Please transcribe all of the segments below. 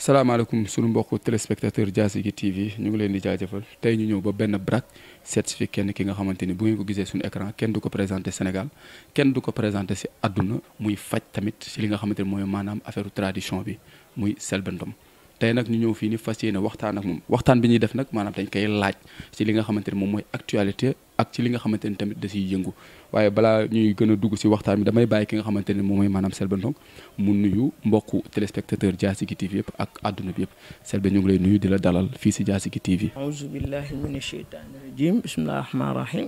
salaamaaleykum sunu mbokku téléspectateur Diassigui TV ñu ngi leen di jaajëfal tey ñu ñëw ba benn braque certifié kenn ki nga xamante ni bu ngeen ko gisee suñu écran kenn du ko présenté Sénégal kenn du ko présenté si àdduna muy faj tamit si li nga xamante ni mooy maanaam affaire tradition bi muy Selbé Ndom tey nag ñu ñëw fii ni fas yéene waxtaan ak moom waxtaan bi ñuy def nag maanaam dañ koy laaj ci li nga xamante ne moom mooy actualité ak ci li nga xamante ni tamit da ciy yëngu waaye balaa ñuy gën a dugg ci waxtaan bi damay bàyyi ki nga xamante ne moom mooy maanaam Selbé Ndom mu nuyu mbokku téléspectateur Diassigui TV yëpp ak àdduna bi yëpp Selbé ñu ngi lay nuyu di la dalal fii ci Diassigui TV. auzu billahi mina sheytaani rajim bismillahi rahmaani rahim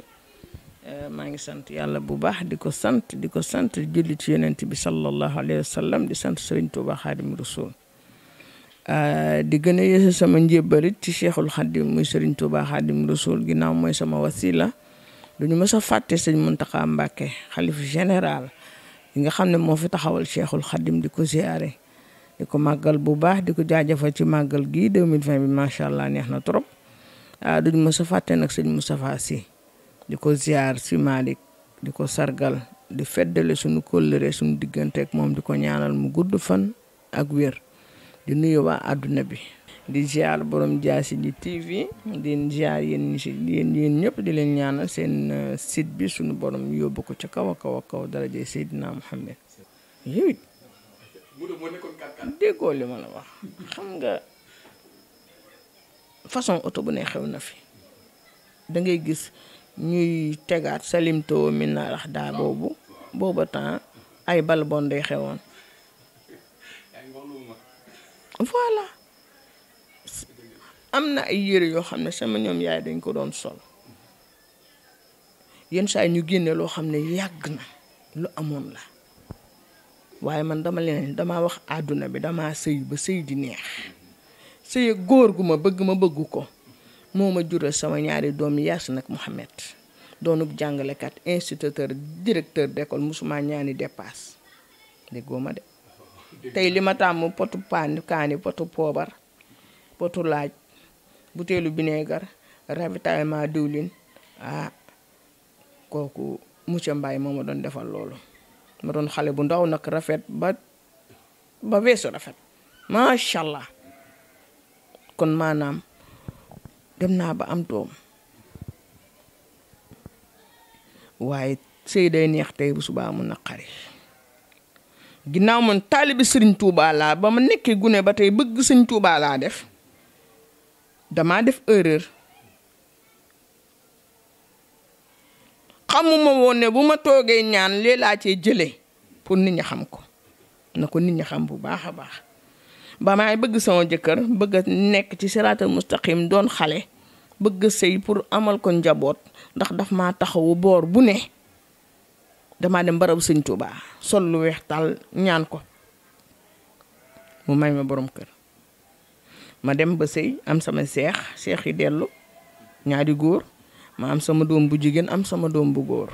eh, maa ngi sant yàlla bu baax di ko sant di ko sant julli ci yonent bi sallallahu alayhi wa sallam di sant Serigne Touba Xaadimu Rasuul Euh, di gën a yeesu sama njébbalit ci cheikhul xadim muy sëriñ Touba xadim rasul ginaaw mooy sama wasila duñu mës a fàtte sëñ Muntaxa Mbàkke xalif général yi nga xam ne moo fi taxawal cheikhul xadim di ko ziare di ko màggal bu baax di ko jaajëfal ci màggal gii 2020 bi macha allah neex na trop euh, duñu mës a fàtte nag sëñ Moustapha Sy di ko ziar si Malick di ko sargal di feddale suñu kóllëre suñu digganteek moom di ko ñaanal mu gudd fan ak wér di nuyu waa àdduna bi di ziar borom jaasi ji TV di ziar yéen si yéen yéen ñëpp di leen ñaanal seen euh, sit bi suñu borom yóbbu ko ca kaw a kaw a kaw daraje Seydina Muhammad déggoo li ma la wax xam nga façon oto bu ne xew na fi dangay gis ñuy tegaat salimto mi na rax boobu booba temps ay balbon day xewoon voilà am na ay yére yoo xam ne sama ñoom yaay dañ ko doon sol yenn saa ñu génne loo xam ne yàgg na lu amoon la waaye man dama leen dama wax àdduna bi dama sëy ba sëy di neex sëy góor gu ma bëgg ma bëgg ko moo ma jural sama ñaari doom yaas nag Mouhamed doonub jàngalekat instituteur directeur d'école musuma ñaani dépasse déggoo ma de tey li ma tàmm potu paan kaani potu poobar potu laaj butéelu bineegar ravitaillement diwlin ah kooku monsieur Mbaye moo ma doon defar loolu ma doon xale bu ndaw nag rafet ba ba weesu rafet macha allah kon maanaam dem naa ba am doom waaye sëy day neex tey bu subaa mu naqari ginnaaw man taalibi sëriñ Touba ba ma nekkee gune ba tey bëgg sëñ Touba laa def damaa def erreur xamuma woon ne bu ma toogee ñaan lee laa cee jëlee pour nit ñi xam ko na ko nit ñi xam bu baax a baax ba may bëgg sama jëkkër bëgg nekk ci siraatal mustaqim doon xale bëgg sëy pour amal ko njaboot ndax daf maa taxawu boor bu ne damaa dem barabu sëñ Tuubaa sol lu weex tàll ñaan ko mu may ma boroom kër ma dem ba sëy am sama seex seex yi dellu ñaari góor ma am sama doom bu jigéen am sama doom bu góor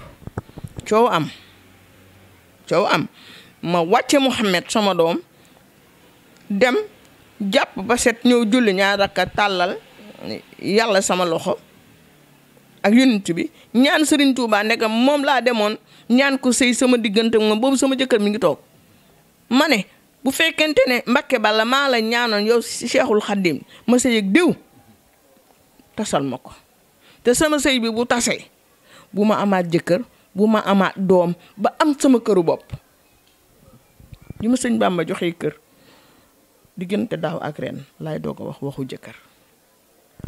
coow am coow am ma wàcce Mouhamed sama doom dem jàpp ba set ñëw julli ñaar rakka tàllal yàlla sama loxo ak yonent bi ñaan Serigne Touba ndegam moom laa demoon ñaan ko sëy sama diggante moom boobu sama jëkkër mi ngi toog ma ne bu fekkente ne Mbacke Balla maa la ñaanoon yow Cheikhul Khadim ma sëy ak diw tasal ma ko te sama sëy bi bu tasee bu ma amaat jëkkër bu ma amaat doom ba am sama këru bopp li ma sëñ Bamba joxee kër diggante daaw ak ren laay doo ko wax waxu jëkkër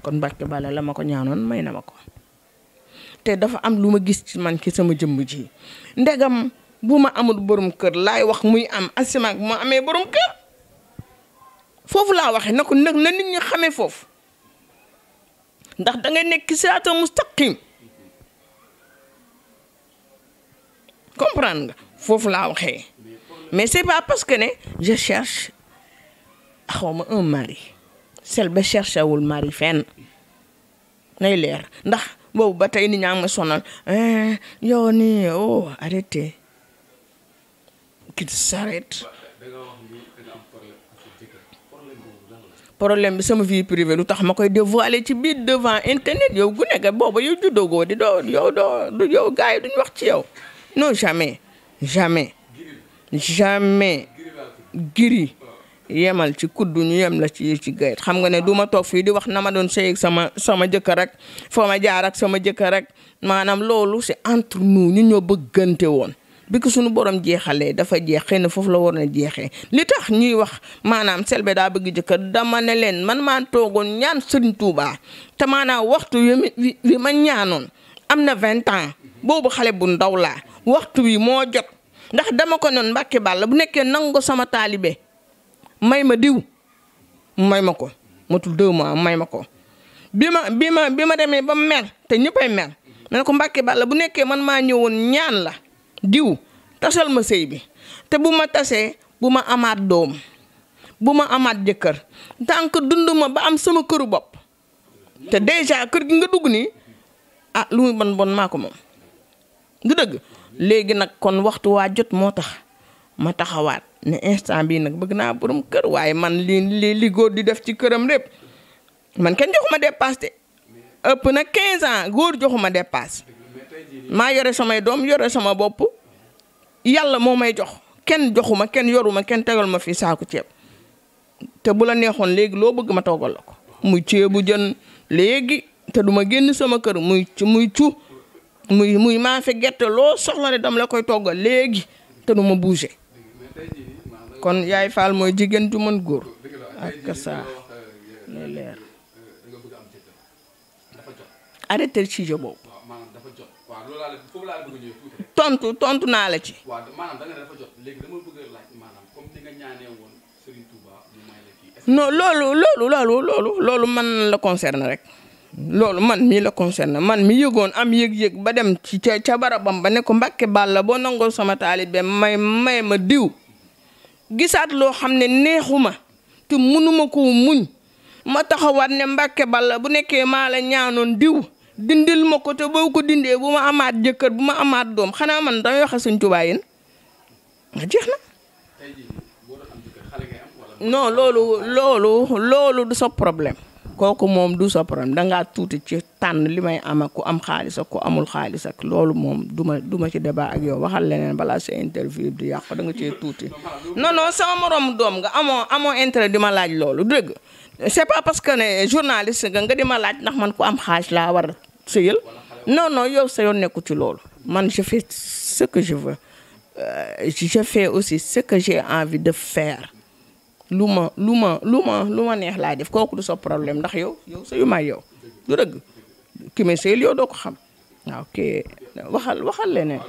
kon Mbacke bale la ma ko ñaanoon may na ma ko te dafa am lu ma gis ci man ci sama jëmm ji ndegam bu ma amul borom kër laay wax muy am asimaak bu ma amee borom kër foofu laa waxee na ko nag na nit ñi xamee foofu ndax da nekk siraatal mustaqim comprendre nga foofu laa waxee mais c'est pas parce que ne je cherche xaw ma un mari Selbé wul mari fenn nay leer ndax boobu ba tey nit ñaa ngi ma eh, yow nii oh arrêté qu'il s'arrête problème bi sama vie privée lu tax ma koy dévoiler ci biir devant internet yow gu nekk booba yow juddoogoo di doo yow doo yow gars yi duñ wax ci yow non jamais jamais jamais giri yemal ci kuddu ñu yem la ci ci gayet xam nga ne du ma toog fii di wax na doon sëy sama sama jëkkër rek foo ma jaar sama jëkkër rek maanaam loolu si entre nous ñu ñëw bëggante woon bi ko suñu borom jeexalee dafa jeex xëy na foofu la war na jeexee li tax ñuy wax maanaam selbe daa bëgg jëkkër dama ne leen man maa toogoon ñaan Sëriñ Tuubaa te maanaam waxtu wi ma ñaanoon am na vingt ans boobu xale bu ndaw laa waxtu wi moo jot ndax dama ko noon Mbàkke la bu nekkee nangu sama taalibe may ma diw may ma ko matul deux mois may ma ko bi ma bi ma demee ba mer te ñëppay mer ma ne ko Mbàkke Balla bu nekkee man maa ñëw woon ñaan la diw tasal ma sëy bi te bu ma tasee bu ma amaat doom bu ma amaat jëkkër tant que dund ma ba am sama këru bopp te déjà kër gi nga dugg nii ah lu muy bon bon maa ko moom du dëgg léegi nag kon waxtu waa jot moo tax ma taxawaat ne instant bii nag bëgg naa borom kër waaye man li li li góor di def ci këram lépp man kenn joxuma dépasse de ëpp na 15 ans góor joxuma dépasse maa yore samay doom yore sama bopp yàlla moo may jox kenn joxuma kenn yoruma kenn tegal ma fii saaku ceeb te bu la neexoon léegi loo bëgg ma toggal la ko muy ceebu jën léegi te duma génn sama kër muy muy cu muy muy maafe gerte loo soxla ne dam la koy toggal léegi te duma bouger kon yaay Fall mooy jigéen ju mën góor ak saa lay leer arrêté ci jo tontu tontu naa la ci non loolu loolu loolu loolu man la concerne rek loolu man mii la concerne man mi yëgoon am yëg-yëg ba dem ci ca ca barabam ba ne ko mbàkke bàll boo nangoo sama taalib be may may ma diw gisaat loo xam ne neexuma te mënuma ko muñ ma taxawaat ne mbàkke balla bu nekkee maa la ñaanoon diw dindil ma ko te boo ko dindee bu ma amaat jëkkër bu ma amaat doom xanaa man damay waxe suñ tubaa yéen jeex na non loolu loolu loolu du sa problème kooku moom du sa problème dangaa tuuti ci tànn li may am ku am xaalis ak ku amul xaalis ak loolu moom du ma du ma ci débat ak yow waxal leneen balaa sa interview di yàq da nga cee tuuti. non sama moroom doom nga amoo amoo intérêt di ma laaj loolu dëgg c'est pas parce que ne journaliste nga nga di ma laaj ndax man ku am xaalis laa war a sëyal non non yow sa yoon nekku ci loolu man je fais ce que je veux euh, aussi ce que j'ai envie de faire. lu ma lu ma lu ma lu ma neex laay def kooku du sa problème ndax yow yow sa yu may yow du dëgg ki may sëyal yow doo ko xam waaw ah, kii waxal waxal leneen.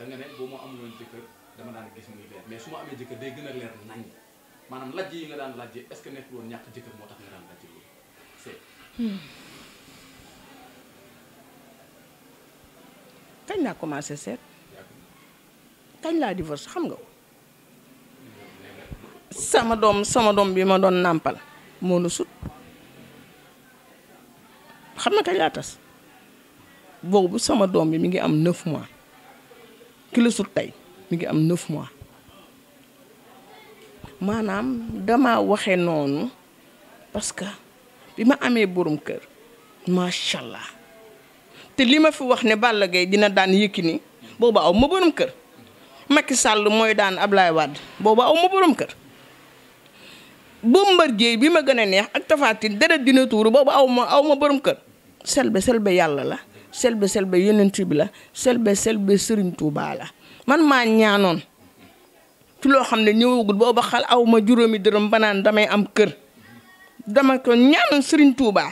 da nga ne boo ma amuloon jëkkër dama daan gis muy leer mais su ma amee jëkkër day gën a leer nañ maanaam lajj yi nga daan lajj est ce que nekkul woon ñàkk jëkkër moo tax nga daan lajj loolu c'est hmm. kañ laa commencé seet kañ laa divorce xam nga ko sama doom sama doom bi ma doon nàmpal moo la sut xam na kañ laa tas boobu sama doom bi mi ngi am 9 mois ki la sut tey mi ngi am 9 mois maanaam dama waxe noonu parce que bi ma amee borom kër macha te li ma fi wax ne Balla Gaye dina daan Yékini boobu aw ma borom kër. Macky sàll mooy daan Ablaye Wade boobu aw ma borom kër Bombardier bi ma gën a neex ak Tapha Tine deret dina tuuru boobu aw ma aw ma borom kër selbe selbe yàlla la selbe selbe yonent bi la selbe selbe Serigne Touba la man maa ñaanoon ci loo xam ne ñëwagul booba xal aw ma juróomi dërëm banaan damay am kër dama ko ñaanoon Serigne Touba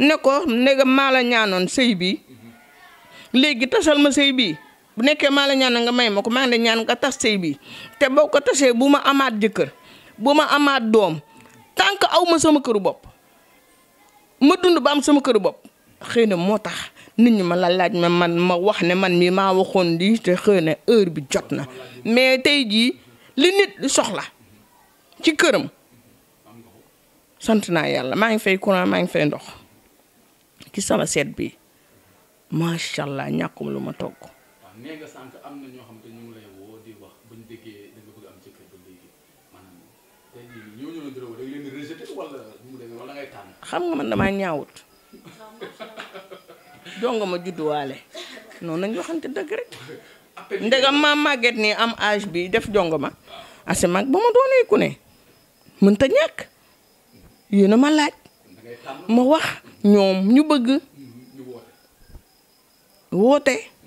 ne ko ne maa la ñaanoon sëy bi léegi tasal ma sëy bii bu nekkee maa la ñaan nga may ma ko maa ngi ñaan nga tas sëy bi te boo ko tasee bu ma amaat jëkkër bu ma amaat doom tant que aw ma sama këru bopp ma dund ba am sama këru bopp xëy na moo tax nit ñi ma la laaj ma man ma wax ne man mi maa waxoon lii te xëy na heure bi jot na mais tey jii li nit soxla ci këram sant naa yàlla maa ngi fay courant maa ngi fay ndox ci sama seet bi macha allah ñàkkum lu ma togg. nee nga sànq ñoo xamante ñu la dërëw da xam nga man damaa ñaawut donga ma judduwaale noonu nañu waxante dëgg rek. ndegam ma màgget nii am âge bi def jongo ma ase mag ba ma doonee ku ne mënta ñàkk yéen a ma laaj ma wax ñoom ñu bëgg woote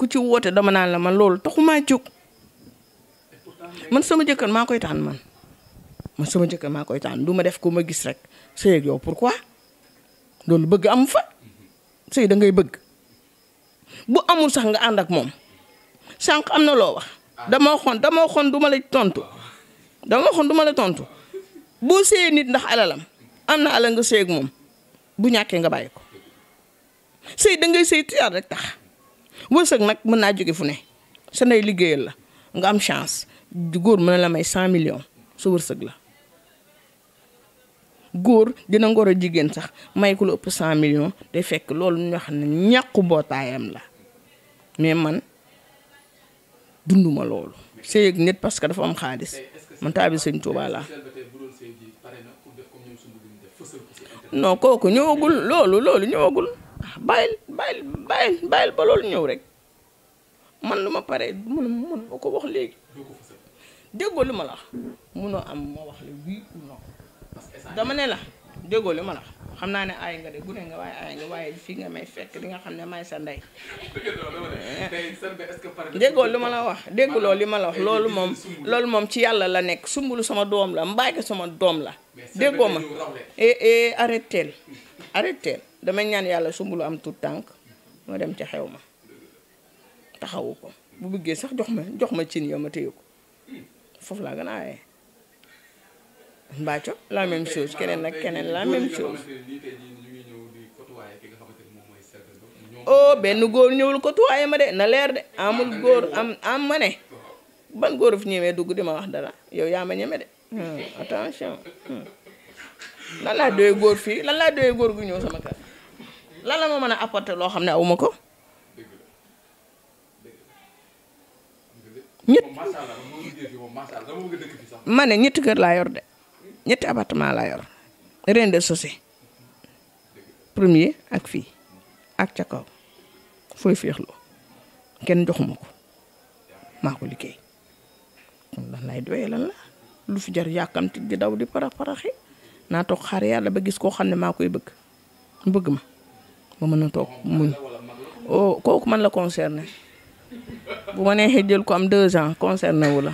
ku ci woote dama naan la man loolu taxumaa jóg man sama jëkkër maa koy tànn man man sama jëkkër maa koy tànn du ma def ko ma gis rek sëy ak yow pourquoi loolu bëgg am fa sëy da ngay bëgg bu amul sax nga ànd ak moom sànq am na loo wax dama waxoon dama waxoon du la tontu dama waxoon du ma la tontu boo sëyee nit ndax alalam am na alal nga sëy moom bu ñàkkee nga bàyyi ko sëy da ngay sëy tuyaat rek tax wërsëg nag mën naa jóge fu ne sa ndey liggéeyal la nga am chance góor mën na la may cent millions sa wërsëg la góor dina ngor a jigéen sax may ku la ëpp cent millions day fekk loolu ñoo xam ne ñàqu mbootaayam la mais man dunduma loolu sëy ak nit parce que dafa am xaalis man taabi sëñ Tuubaa laa kooku ñëwagul loolu ñëwagul bàyyil bàyyil bàyyil bàyyil ba loolu ñëw rek man lu ma paree mun ma ko wax léegi déggoo li ma la munoo am ma wax la wii ou non dama ne la déggoo li ma la wax xam naa ne aay nga de gune nga waaye aay nga fii nga may fekk li nga xam ne may sa ndey déggoo li ma la wax dégguloo li ma la wax loolu moom loolu moom ci yàlla la nekk sumbulu sama doom la mbaay sama doom la déggoo ma eh eh damay ñaan yàlla sumbulu am tuut tànk moo dem ca xew ma taxawu ko bu bëggee sax jox ma jox ma cin yow ma téye ko foofu laa gën a aaye mbaaco la même chose keneen nag keneen la même oh, benn góor ñëwul ko tuwaaye ma de na leer de amul góor am am ma ne ban góor fi ñemee dugg di ma wax dara yow yaa ma ñeme de hmm, attention hmm. lan laa doyee góor fii lan laa doyee góor gu ñëw sama kër lan la ma mën a apporter loo xam ne awuma ko. ñett ma ne ñetti kër laa yor de ñetti appartement laa yor rez-de-chaussée premier ak fii ak ca kaw fooy féexloo kenn joxuma ko maa ko liggéey kon lan lay la lu fi jar yàkkamti di daw di parax paraxi naa toog xaar yàlla ba gis koo xam ne maa koy bëgg bëgg ma ma mën a toog muñ oh kooku man la concerné bu ma neexee jël ko am deux ans concerné wu